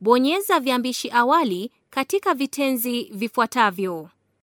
Bonyeza viambishi awali katika vitenzi vifuatavyo.